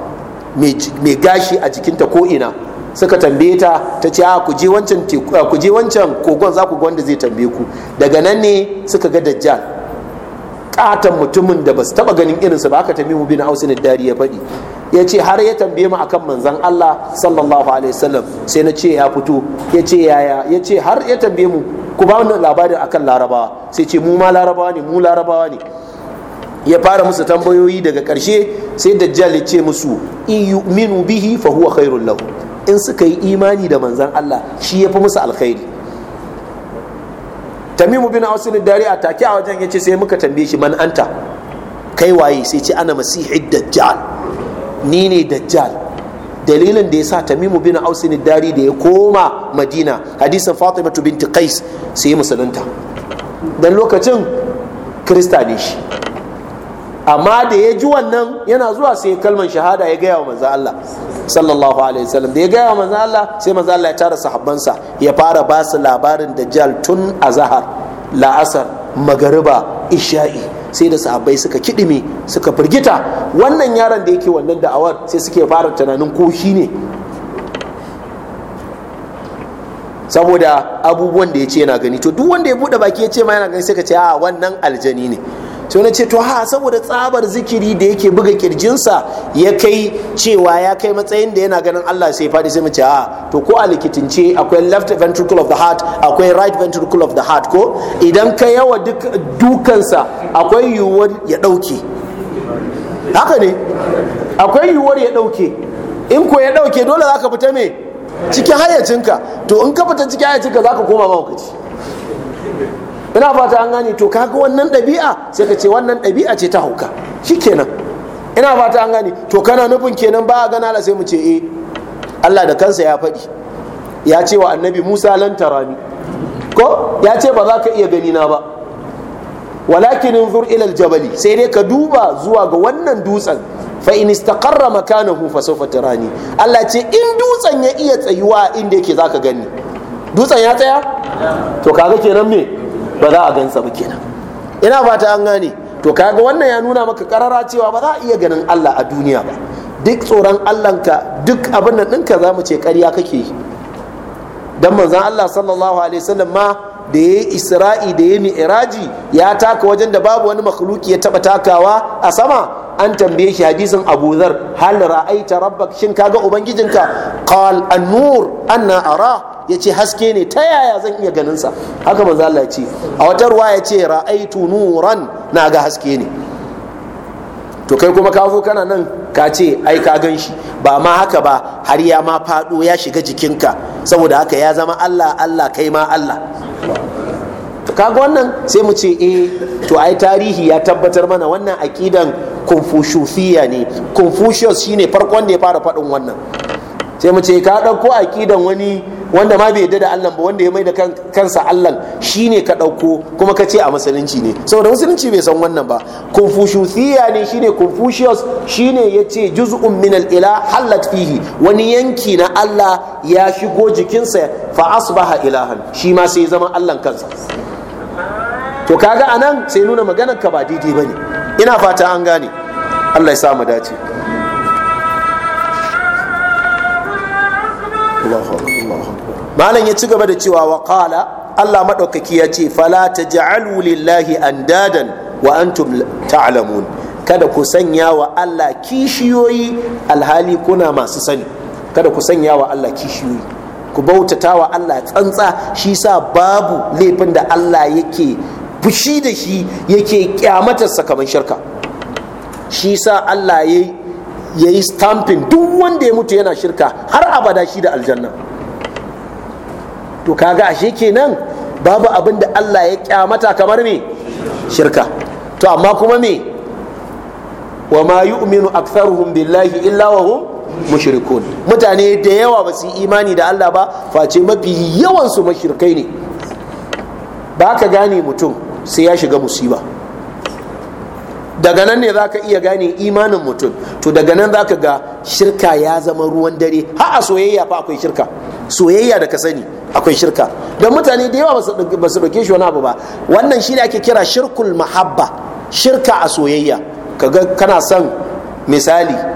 mai gashi a jikinta ko ina suka tambaye ta ta ce ku je wancan ku je wancan kogon za ku ga wanda zai tambaye ku daga nan ne suka ga dajjal katon mutumin da ba su taba ganin irinsa ba aka tambi mu bin hausin dari ya faɗi ya ce har ya tambaye mu akan manzan Allah sallallahu alaihi wasallam sai na ce ya fito ya ce yaya ya ce har ya tambaye mu ku ba wannan labarin akan larabawa sai ce mu ma larabawa ne mu larabawa ne ya fara musu tambayoyi daga ƙarshe sai dajjal ya ce musu in minu bihi fa huwa khairul lahu in suka yi imani da manzan Allah shi ya fi musu alkhairi tamimu bin ausin dari a take a wajen ya ce sai muka tambaye shi man kai waye sai ce ana masihid dajjal ni ne dajjal dalilin da ya sa tamimu bin ausin dari da ya koma madina hadisan Fatima binti qais sai musulunta dan lokacin krista ne shi amma da ya ji wannan yana zuwa sai kalmar shahada ya gaya wa manzan Allah sallallahu alaihi wasallam da ya gaya wa manzan Allah sai manzan Allah ya tara sahabbansa ya fara ba su labarin dajjal tun azhar la'asar magariba isha'i sai da sahabbai suka kidime suka firgita wannan yaron da yake wannan da'awar sai suke fara tunanin ko shi ne saboda abubuwan da ya ce yana gani to duk wanda ya bude baki ya ce ma yana gani sai ka ce a wannan aljani ne sai wani ce to ha saboda tsabar zikiri da yake buga kirjinsa ya kai cewa ya kai matsayin da yana ganin Allah sai fadi sai mace ha to ko a likitince akwai left ventricle of the heart akwai right ventricle of the heart ko idan ka yawa duk dukansa akwai yiwuwar ya ɗauke haka ne akwai yiwuwar ya ɗauke in ko ya ɗauke dole za ka fita me cikin hayyacinka to in ka fita cikin hayyacinka za ka koma mahaukaci ina fata an gane to kaga wannan ɗabi'a sai ka ce wannan ɗabi'a ce ta hauka shikenan ina fata an gane to kana nufin kenan ba a gana la sai mu ce eh Allah da kansa ya faɗi ya ce wa annabi Musa lan tarani ko ya ce ba za ka iya gani na ba walakin zur ila jabali sai dai ka duba zuwa ga wannan dutsen fa in istaqarra makanahu fa sawfa tarani Allah ce in dutsen ya iya tsayuwa inda yake zaka gani dutsen ya tsaya to kaga kenan me ba za a gansa ba kenan ina ta an gane to kaga wannan ya nuna maka karara cewa ba za a iya ganin Allah a duniya ba duk tsoron Allahnka duk abin nan ɗinka za mu ce ƙarya kake yi dan manzon Allah sallallahu alaihi wasallam ma da ya yi isra'i da ya mi'raji ya taka wajen da babu wani makhluki ya taba takawa a sama an tambaye shi hadisin Abu zar hal ra'aita rabbak shin kaga ubangijinka qal an-nur anna ara yace haske ne ta yaya zan iya ganin sa haka manzo Allah ya ce a wata ruwa ya ra'aitu nuran na ga haske ne to kai kuma ka zo kana nan ka ce ai ka gan shi ba ma haka ba har ya ma fado ya shiga jikinka saboda haka ya zama Allah Allah kai ma Allah kaga wannan sai mu ce eh to ai tarihi ya tabbatar mana wannan aqidan confuciusiya ne confucius shine farkon da ya fara faɗin wannan sai mu ce ka ɗauko aƙidan wani wanda ma bai yadda da Allah ba wanda ya mai da kansa Allah shine ka ɗauko kuma ka ce a musulunci ne saboda musulunci bai san wannan ba confuciusiya ne shine confucius shine ya ce juz'un min ila hallat fihi wani yanki na Allah ya shigo jikinsa fa asbaha ilahan shi ma sai zama Allah kansa to kaga anan sai nuna maganar ka ba daidai bane ina fata an gane allah ya sa mu dace malam ya ci gaba da cewa wa qala allah maɗaukaki ya ce fala taj'alu lillahi andadan wa antum ta'lamun kada ku sanya wa allah kishiyoyi alhali kuna masu sani kada ku sanya wa allah kishiyoyi ku bautata wa allah tsantsa shi sa babu laifin da allah yake fushi da shi yake kyamatarsa kamar shirka shi sa Allah ya yi stamping duk wanda ya mutu yana shirka har abada shi da aljanna to kaga ashe kenan babu abin da Allah ya kyamata kamar me shirka to amma kuma me wa ma yu'minu aktharuhum billahi illa wa hum mushrikun mutane da yawa ba su imani da Allah ba face mafi yawan su mashirkai ne ba ka gane mutum sai ya shiga musiba daga nan ne za ka iya gane imanin mutum to daga nan za ka ga shirka ya zama ruwan dare har a soyayya fa akwai shirka soyayya da ka sani akwai shirka don mutane da yawa ba su ɗauke shi wani ba wannan shi ne ake kira shirkul mahabba shirka a soyayya kaga kana son misali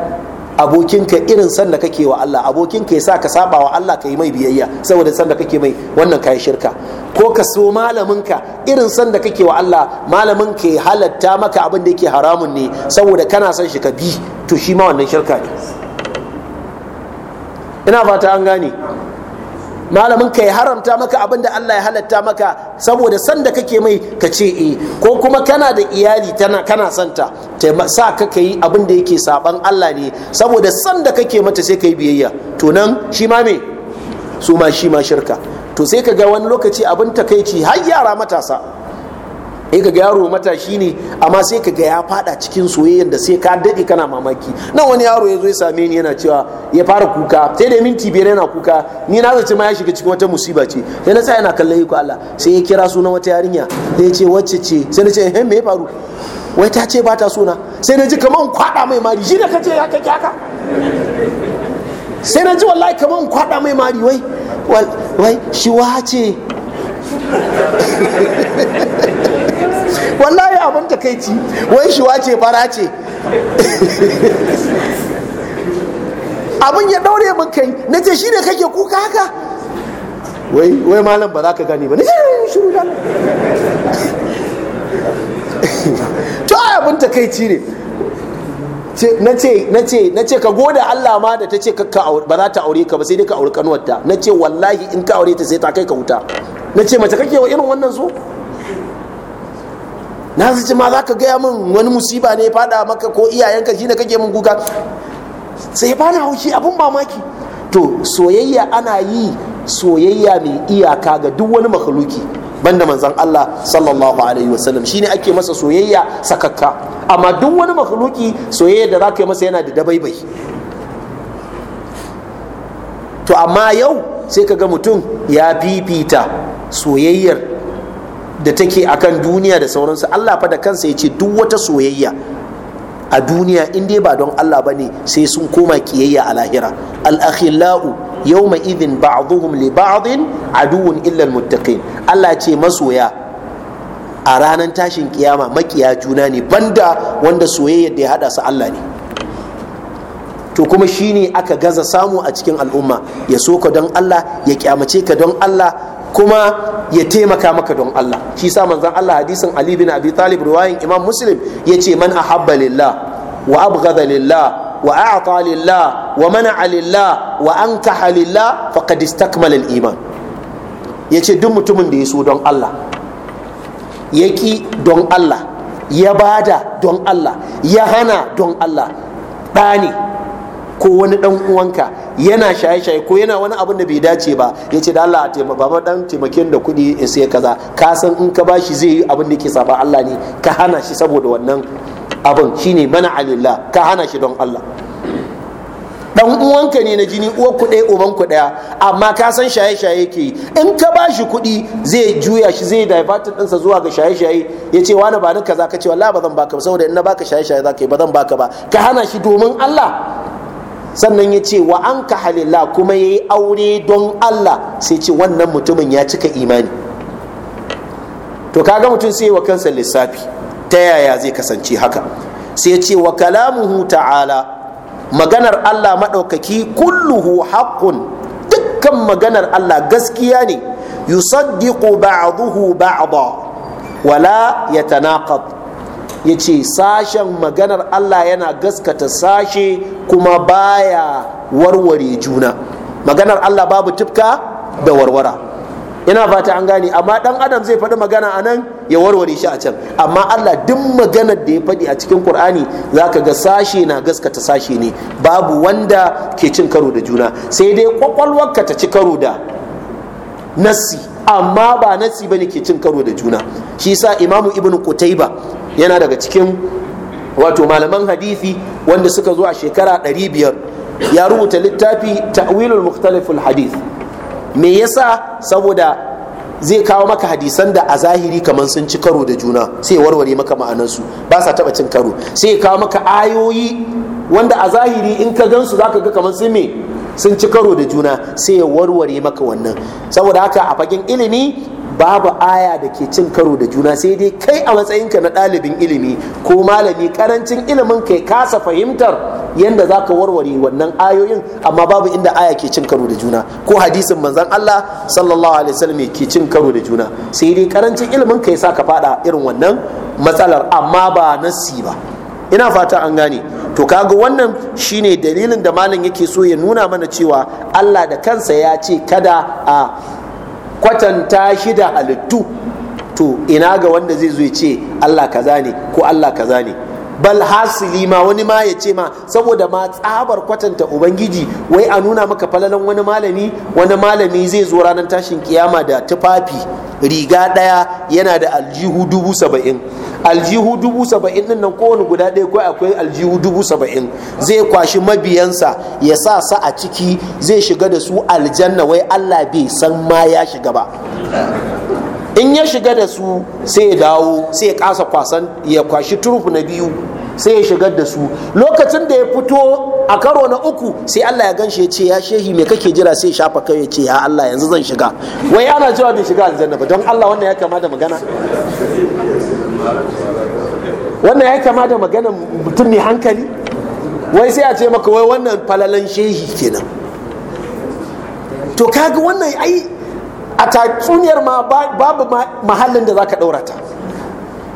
abokinka irin sanda kake wa Allah abokinka ya sa ka saba wa Allah ka yi mai biyayya saboda sanda kake mai wannan kayi shirka ko ka so malaminka irin sanda kake wa Allah malaminka ya halatta maka abin da yake haramun ne saboda kana son shi ka bi to shi ma wannan shirka ne ina fata an gane malamin ka ya haramta maka abin da Allah ya halatta maka saboda san da kake mai ka ce eh ko kuma kana da iyali tana kana santa sa ka kai abin da yake saban Allah ne saboda san da kake mata sai kai biyayya to nan shi ma me su ma shi ma shirka to sai ka ga wani lokaci abin takaici har yara matasa in ka ga yaro matashi ne amma sai ka ga ya fada cikin soyayyar da sai ka dade kana mamaki nan wani yaro ya zo ya same ni yana cewa ya fara kuka sai da minti biyar yana kuka ni na zace ma ya shiga cikin wata musiba ce sai na sa yana kallon iko Allah sai ya kira sunan wata yarinya sai ya ce wacce ce sai na ce eh me ya faru wai ta ce ba ta suna sai na ji kaman kwada mai mari shi da ce ya kake haka sai na ji wallahi kaman kwada mai mari wai wai shi wace wallahi abin ci wai shuwa ce fara ce abin ya daure min kai na ce shi ne kake kuka haka wai malam ba za ka gani ba ne ce shiru da to abin ci ne na ce ka goda Allah ma da ta ce ba za ta aure ka ba sai dai ka aure kanuwarta na ce wallahi in ka aure ta sai ta kai ka wuta na ce mace kake wa irin wannan so na zace ma za ka gaya min wani musiba ne fada maka ko iyayenka shine kake min kuka sai bani haushi abun mamaki to soyayya ana yi soyayya mai iyaka ga duk wani makhluki banda manzon Allah sallallahu alaihi wasallam shine ake masa soyayya sakakka amma duk wani makhluki soyayya da zaka yi masa yana da dabaibai to amma yau sai ka ga mutum ya fifita soyayyar da take kan duniya da sauransu Allah fa da kansa ya ce duk wata soyayya a duniya in dai ba don Allah ba ne sai sun koma kiyayya a lahira al-akhillau yawma idhin ba'dhuhum li ba'dhin aduwwun illa al-muttaqin Allah ce masoya a ranar tashin kiyama makiya juna ne banda wanda soyayya da ya hada su Allah ne to kuma shine aka gaza samu a cikin al'umma ya soka don Allah ya kyamace ka don Allah kuma ya taimaka maka don Allah shi sa manzon Allah hadisin Ali bin Abi Talib riwayin Imam Muslim yace man ahabba lillah wa abghadha lillah wa a'ta lillah wa mana'a lillah wa ankaha lillah faqad istakmala al-iman yace duk mutumin da ya so don Allah yaki don Allah ya bada don Allah ya hana don Allah ɗani ko wani dan uwanka yana shaye-shaye ko yana wani abin da bai dace ba ya ce da Allah a taimaka ba dan taimakin da kuɗi in sai kaza ka san in ka bashi zai yi abin da yake saba Allah ne ka hana shi saboda wannan abin shine mana alillah ka hana shi don Allah dan uwanka ne na jini uwar ku ɗaya uban ku ɗaya amma ka san shaye-shaye ke in ka ba shi kuɗi zai juya shi zai divertin ɗinsa zuwa ga shaye-shaye ya ce wani ba ni kaza ka ce wallahi ba zan baka ba saboda in na baka shaye-shaye za ka yi ba zan baka ba ka hana shi domin Allah sannan ya ce wa an ka halilla kuma ya yi aure don Allah sai ce wannan mutumin ya cika imani to kaga mutum sai wa kansa lissafi ta yaya zai kasance haka sai ce wa kalamuhu ta'ala maganar Allah maɗaukaki kulluhu haƙƙun dukkan maganar Allah gaskiya ne yusaddiqu ba'dahu ba'da wala yatanaqad ya ce sashen maganar Allah yana gaskata sashe kuma baya warware juna maganar Allah babu tufka da warwara ina fata an gane amma dan adam zai faɗi magana a nan ya warware shi a can amma Allah duk maganar da ya faɗi a cikin ƙur'ani za ka ga sashe na gaskata sashe ne babu wanda ke cin karo da juna sai dai ka ta ci karo da nasi. amma ba nassi bane ke cin karo da juna shi yasa imamu ibnu qutaiba yana daga cikin wato malaman hadisi wanda suka zo a shekara 500 ya rubuta littafi ta'wilul mukhtalifu hadith me yasa saboda zai kawo maka hadisan da a zahiri kamar sun ci karo da juna sai warware maka ma'anansu ba sa taba cin karo sai kawo maka ayoyi wanda a zahiri in ka gansu zaka ga kamar sun me sun ci karo da juna sai ya warware maka wannan saboda haka a fagen ilimi babu aya da ke cin karo da juna sai dai kai a matsayinka na ɗalibin ilimi ko malami karancin ilimin kai kasa fahimtar yadda za ka warware wannan ayoyin amma babu inda aya ke cin karo da juna ko hadisin manzan Allah sallallahu alaihi wasallam ke cin karo da juna sai dai karancin ilimin kai sa ka fada irin wannan matsalar amma ba nassi ba ina fata an gane to kaga wannan shine dalilin da malam yake so ya nuna mana cewa Allah da kansa ya ce kada a kwatanta shi da halittu to ina ga wanda zai zo ya ce Allah kaza ne ko Allah kaza ne bal hasili ma wani ma ya ce ma saboda ma tsabar kwatanta ubangiji wai a nuna maka falalan wani malami wani malami zai zo ranar tashin kiyama da tufafi riga ɗaya yana da aljihu dubu saba'in aljihu dubu saba'in din nan kowane guda ɗaya kawai akwai aljihu dubu saba'in zai kwashi mabiyansa ya sa sa a ciki zai shiga da su aljanna wai allah bai san ma ya shiga ba in ya shiga da su sai ya dawo sai ya kasa kwasan ya kwashi turufu na biyu sai ya shigar da su lokacin da ya fito a karo na uku sai Allah ya ganshi ya ce ya shehi me kake jira sai shafa kai ya ce ya Allah yanzu zan shiga wai ana cewa bai shiga aljanna ba don Allah wannan ya kama da magana wannan ya kama da maganar mutum mai hankali wai sai a ce maka wai wannan falalan shehi kenan to kaga wannan ai a tatsuniyar ma babu mahallin da zaka ɗaurata ta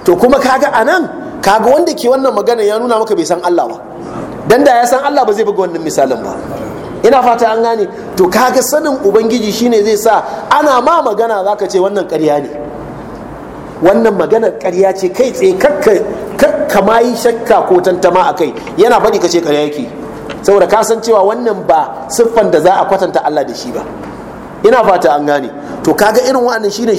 to kuma kaga a nan kaga wanda ke wannan magana ya nuna maka bai san Allah ba dan da ya san Allah ba zai buga wannan misalin ba ina fata an gane to kaga sanin ubangiji shine zai sa ana ma magana zaka ce wannan ƙarya ne wannan maganar karya ce kai tsaye kakka ma yi shakka ko tantama a kai yana faɗi ka ce ƙarya yake saboda ka san cewa wannan ba siffan da za a kwatanta Allah da shi ba ina fata an gane to kaga irin wannan shine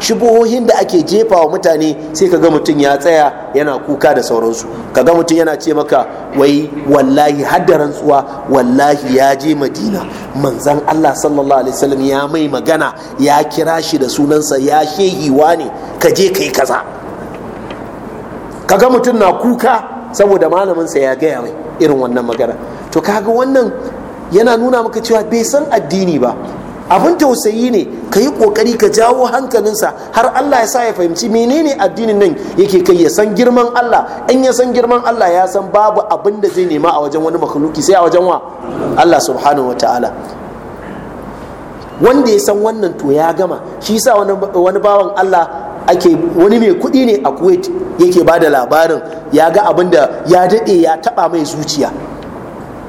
shubuhohin da ake jefa wa mutane sai kaga mutum ya tsaya yana kuka da sauransu kaga mutum yana ce maka wai wallahi hadda rantsuwa wallahi ya je madina manzan allah sallallahu alaihi wasallam ya mai magana ya kira shi da sunansa ya shehiwa ne ka je kai kaza kaga mutum na kuka saboda malaminsa ya gaya mai irin wannan magana to kaga wannan yana nuna maka cewa bai san addini ba abin tausayi ne ka yi ƙoƙari ka jawo hankalinsa har Allah ya sa ya fahimci menene addinin nan yake kai ya san girman Allah in ya san girman Allah ya san babu abin da zai nema a wajen wani makhluki sai a wajen wa Allah subhanahu wataala wanda ya san wannan to ya gama shi sa wani bawan Allah ake wani mai kuɗi ne a Kuwait yake ba da labarin ya ga abin da ya daɗe ya taɓa mai zuciya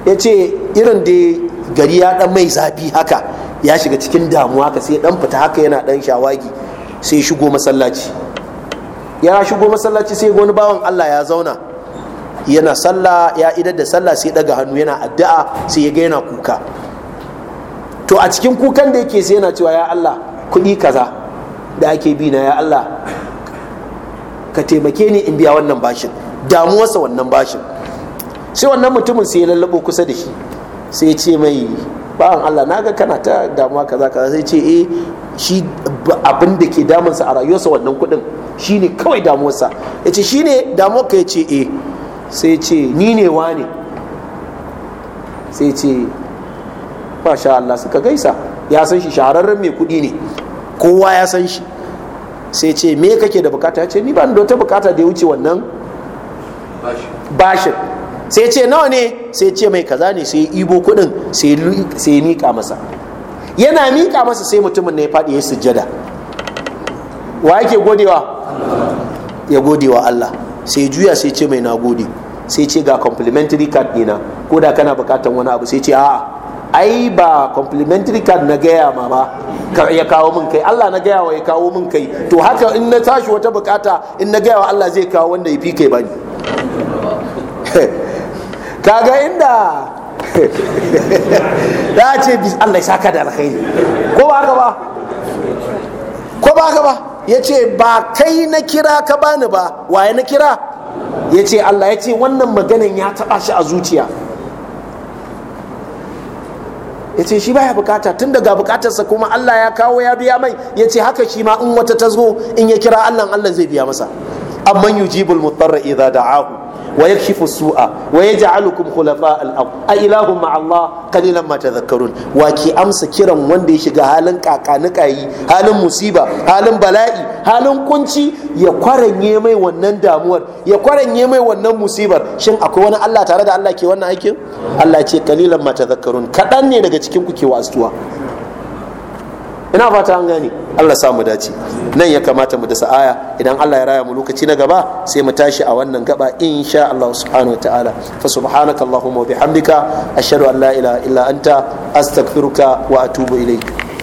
ya ce irin da gari ya ɗan mai zafi haka ya shiga cikin damuwa haka sai dan fita haka yana dan shawagi sai shigo masallaci ya shigo masallaci sai wani bawan Allah ya zauna yana sallah ya idar da sallah sai daga hannu yana addu'a sai ya ga yana kuka to a cikin kukan da yake sai yana cewa ya Allah kuɗi kaza da ake bi na ya Allah ka taimake ni in biya wannan bashin damuwarsa wannan bashin sai wannan mutumin sai ya lallabo kusa da shi sai ya ce mai ba'an Allah naga kana ta damuwa kaza kaza sai ce eh shi abin da ke damunsa a rayuwarsa wannan kuɗin shine kawai damuwarsa ya ce shine damuwar ka ya ce eh sai ce ni ne wane sai ce ba sha Allah suka gaisa ya san shi shahararren mai kuɗi ne kowa ya san shi sai ce me kake da bukata ya ce ni ba da wata bukata da ya wuce wannan bashin sai ce nawa ne sai ce mai kaza ne sai ibo kudin sai mika masa yana mika masa sai mutumin ne ya faɗi ya sujjada wa yake godewa ya godewa Allah sai juya sai ce mai nagode sai ce ga complimentary card dina ko da kana bukatar wani abu sai ce a'a ai ba complimentary card na gaya ma ba ya kawo min kai Allah na gaya wa ya kawo min kai to haka in na tashi wata bukata in na gaya wa Allah zai kawo wanda ya fi kai bani kaga inda za ce Allah ya saka da alkhairi ko ba haka ba ko ba haka ba ya ce ba kai na kira ka bani ba waye na kira ya ce Allah ya ce wannan maganin ya taɓa shi a zuciya ya ce shi baya bukata tun daga bukatarsa kuma Allah ya kawo ya biya mai ya ce haka shi ma in wata ta zo in ya kira Allah Allah zai biya masa amman yujibul mutarra idza da'ahu wa yakshifu su'a wa yaj'alukum khulafa al-ard a ilahu ma Allah kalilan ma tadhakkarun wa ki amsa kiran wanda ya shiga halin kakanikayi halin musiba halin bala'i halin kunci ya kwaranye mai wannan damuwar ya kwaranye mai wannan musibar shin akwai wani Allah tare da Allah ke wannan aikin Allah ce kalilan ma tadhakkarun kadan ne daga cikin ku ke wasuwa ina fata an gani? Allah samu dace nan ya kamata mu dasa aya idan Allah ya raya mu lokaci na gaba sai mu tashi a wannan gaba insha Allah subhanahu wa ta'ala fa subhanakallahumma wa bihamdika ashhadu an la ilaha illa anta astaghfiruka wa atubu ilayk